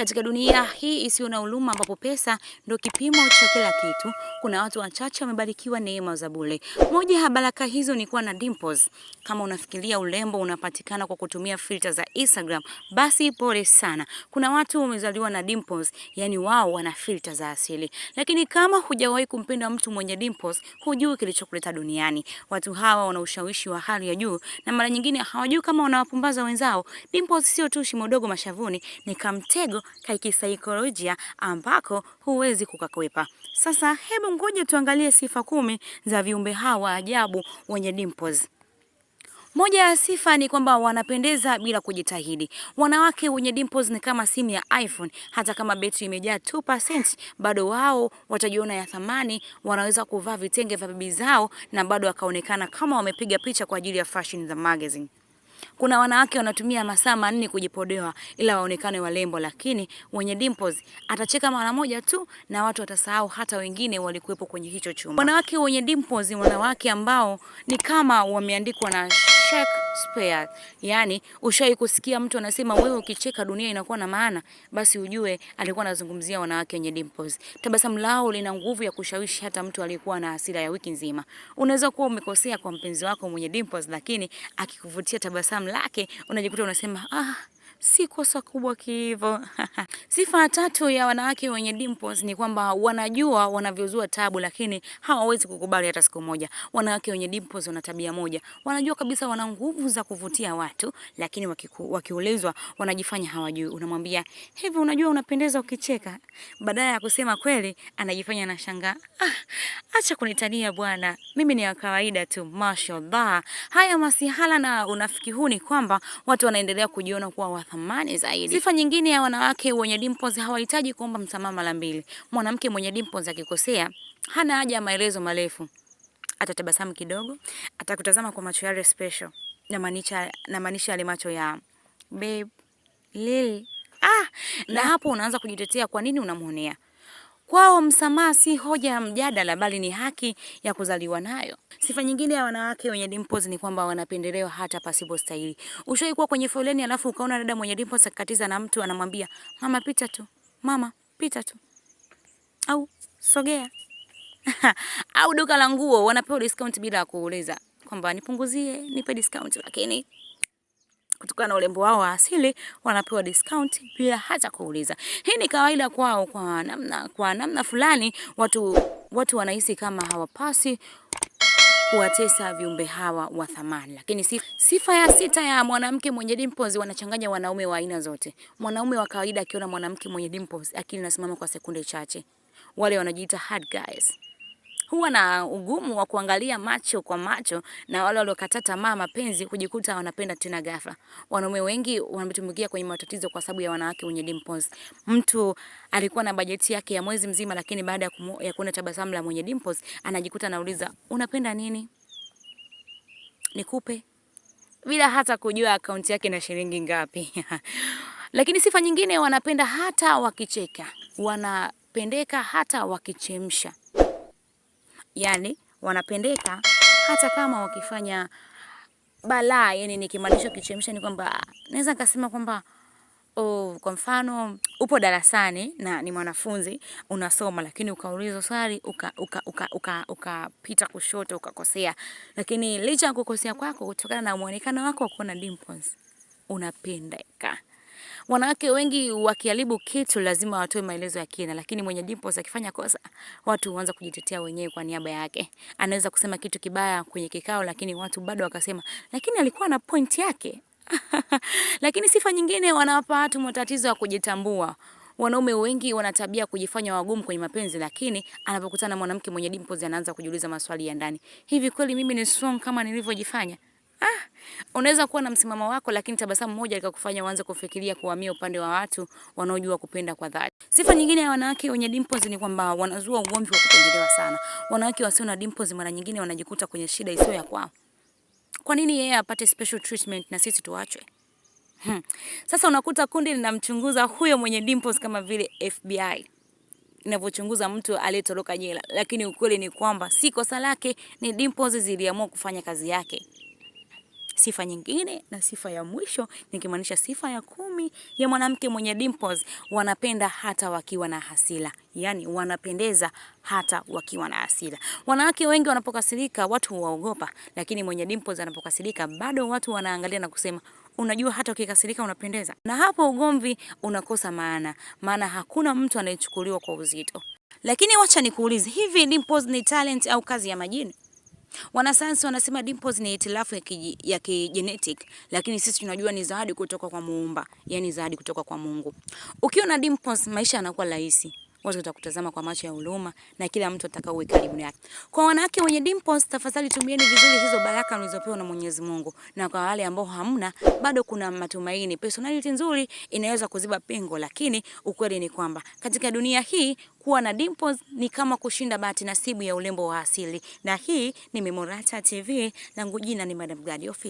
Katika dunia hii isiyo na huruma, ambapo pesa ndio kipimo cha kila kitu, kuna watu wachache wamebarikiwa neema za bure. Moja ya baraka hizo ni kuwa na dimples. Kama unafikiria urembo unapatikana kwa kutumia filter za Instagram, basi pole sana. Kuna watu wamezaliwa na dimples, yani wao wana filter za asili. Lakini kama hujawahi kumpenda mtu mwenye dimples, hujui kilichokuleta duniani. Watu hawa wana ushawishi wa hali ya juu na mara nyingine hawajui kama wanawapumbaza wenzao. Dimples sio tu shimo dogo mashavuni, ni kamtego ka kisaikolojia ambako huwezi kukakwepa. Sasa hebu ngoje tuangalie sifa kumi za viumbe hawa ajabu wenye dimples. Moja ya sifa ni kwamba wanapendeza bila kujitahidi. Wanawake wenye dimples ni kama simu ya iPhone, hata kama betri imejaa 2%, bado wao watajiona ya thamani. Wanaweza kuvaa vitenge vya bibi zao na bado wakaonekana kama wamepiga picha kwa ajili ya fashion za magazine. Kuna wanawake wanatumia masaa manne kujipodoa ila waonekane walembo, lakini wenye dimples atacheka mara moja tu na watu watasahau hata wengine walikuwepo kwenye hicho chumba. Wanawake wenye dimples, wanawake ambao ni kama wameandikwa na shek spare. Yani ushawahi kusikia mtu anasema wewe ukicheka dunia inakuwa na maana? Basi ujue alikuwa anazungumzia wanawake wenye dimples. Tabasamu lao lina nguvu ya kushawishi hata mtu aliyekuwa na hasira ya wiki nzima. Unaweza kuwa umekosea kwa mpenzi wako mwenye dimples, lakini akikuvutia tabasamu lake unajikuta unasema ah si kosa kubwa kihivyo. Sifa tatu ya wanawake wenye dimples ni kwamba wanajua wanavyozua tabu, lakini hawawezi kukubali hata siku moja. Wanawake wenye dimples wana tabia moja, wanajua kabisa wana nguvu za kuvutia watu, lakini wakiulizwa wanajifanya hawajui. Unamwambia hivi, unajua unapendeza ukicheka, badala ya kusema kweli anajifanya anashangaa. Ah, acha kunitania bwana, mimi ni wa kawaida tu, mashallah. Haya masihala na unafiki huu ni kwamba watu wanaendelea kujiona kuwa wa thamani zaidi. Sifa nyingine ya wanawake wenye dimples, hawahitaji kuomba msamaha mara mbili. Mwanamke mwenye dimples akikosea, hana haja ya maelezo marefu, atatabasamu kidogo, atakutazama kwa macho yale special, namaanisha namaanisha yale macho ya babe lili. Ah, na hapo unaanza kujitetea, kwa nini unamwonea Kwao msamaha si hoja ya mjadala, bali ni haki ya kuzaliwa nayo. Sifa nyingine ya wanawake wenye dimples ni kwamba wanapendelewa hata pasipo stahili. Ushawahi kuwa kwenye foleni alafu ukaona dada mwenye dimples akikatiza na mtu anamwambia mama, pita tu, mama, pita tu, au sogea au duka la nguo wanapewa discount bila ya kuuliza kwamba nipunguzie, nipe discount, lakini kutokana na urembo wao wa asili wanapewa discount bila hata kuuliza. Hii ni kawaida kwao, kwa namna, kwa namna fulani watu, watu wanahisi kama hawapasi kuwatesa viumbe hawa wa thamani. Lakini sifa ya sita ya mwanamke mwenye dimples, wanachanganya wanaume wa aina zote. Mwanaume wa kawaida akiona mwanamke mwenye dimples, akili nasimama kwa sekunde chache. Wale wanajiita hard guys huwa na ugumu wa kuangalia macho kwa macho, na wale waliokata tamaa mapenzi hujikuta wanapenda tena ghafla. Wanaume wengi wanatumbukia kwenye matatizo kwa sababu ya wanawake wenye dimples. Mtu alikuwa na bajeti yake ya mwezi mzima, lakini baada ya kuona tabasamu la mwenye dimples anajikuta anauliza unapenda nini, nikupe, bila hata kujua akaunti yake na shilingi ngapi. Lakini sifa nyingine, wanapenda hata wakicheka, wanapendeka hata wakichemsha yani wanapendeka hata kama wakifanya balaa. Yani nikimaanisha kichemsha ni kwamba naweza nikasema kwamba oh, kwa mfano upo darasani na ni mwanafunzi unasoma, lakini ukaulizwa swali ukapita uka, uka, uka, uka kushoto ukakosea, lakini licha ya kukosea kwako, kutokana na mwonekano wako wa kuona dimples unapendeka. Wanawake wengi wakiharibu kitu lazima watoe maelezo ya kina, lakini mwenye Dimples akifanya kosa, watu huanza kujitetea wenyewe kwa niaba yake. Anaweza kusema kitu kibaya kwenye kikao, lakini watu bado wakasema, lakini alikuwa na point yake. Lakini sifa nyingine, wanawapa watu matatizo ya kujitambua. Wanaume wengi wana tabia kujifanya wagumu kwenye mapenzi, lakini anapokutana na mwanamke mwenye dimples anaanza kujiuliza maswali ya ndani, hivi kweli mimi ni strong kama nilivyojifanya? Ah, unaweza kuwa na msimamo wako lakini tabasamu moja likakufanya uanze kufikiria kuhamia upande wa watu wanaojua kupenda kwa dhati. Sifa nyingine ya wanawake wenye dimples ni kwamba wanazua ugomvi wa kupendelewa sana. Wanawake wasio na dimples mara nyingine wanajikuta kwenye shida isiyo ya kwao. Kwa nini yeye apate special treatment na sisi tuachwe? Hmm. Sasa unakuta kundi linamchunguza huyo mwenye dimples kama vile FBI inavyochunguza mtu aliyetoroka jela, lakini ukweli ni kwamba si kosa lake, ni dimples ziliamua kufanya kazi yake. Sifa nyingine na sifa ya mwisho nikimaanisha sifa ya kumi ya mwanamke mwenye dimples, wanapenda hata wakiwa na hasira, yani wanapendeza hata wakiwa na hasira. Wanawake wengi wanapokasirika watu huwaogopa, lakini mwenye dimples anapokasirika bado watu wanaangalia na kusema unajua hata ukikasirika unapendeza, na hapo ugomvi unakosa maana, maana hakuna mtu anayechukuliwa kwa uzito. Lakini wacha nikuulize, hivi dimples ni talent au kazi ya majini? Wanasayansi wanasema dimples ni hitilafu ya kijenetic, lakini sisi tunajua ni zawadi kutoka kwa Muumba, yani zawadi kutoka kwa Mungu. Ukiwa na dimples, maisha yanakuwa rahisi wote watakutazama kwa macho ya huruma na kila mtu atakao uwe karibu naye. Kwa wanawake wenye dimples, tafadhali tumieni vizuri hizo baraka mlizopewa na Mwenyezi Mungu, na kwa wale ambao hamna, bado kuna matumaini. Personality nzuri inaweza kuziba pengo, lakini ukweli ni kwamba katika dunia hii kuwa na dimples ni kama kushinda bahati nasibu ya urembo wa asili. Na hii ni Memorata TV, langu jina ni Madam Gadi Official.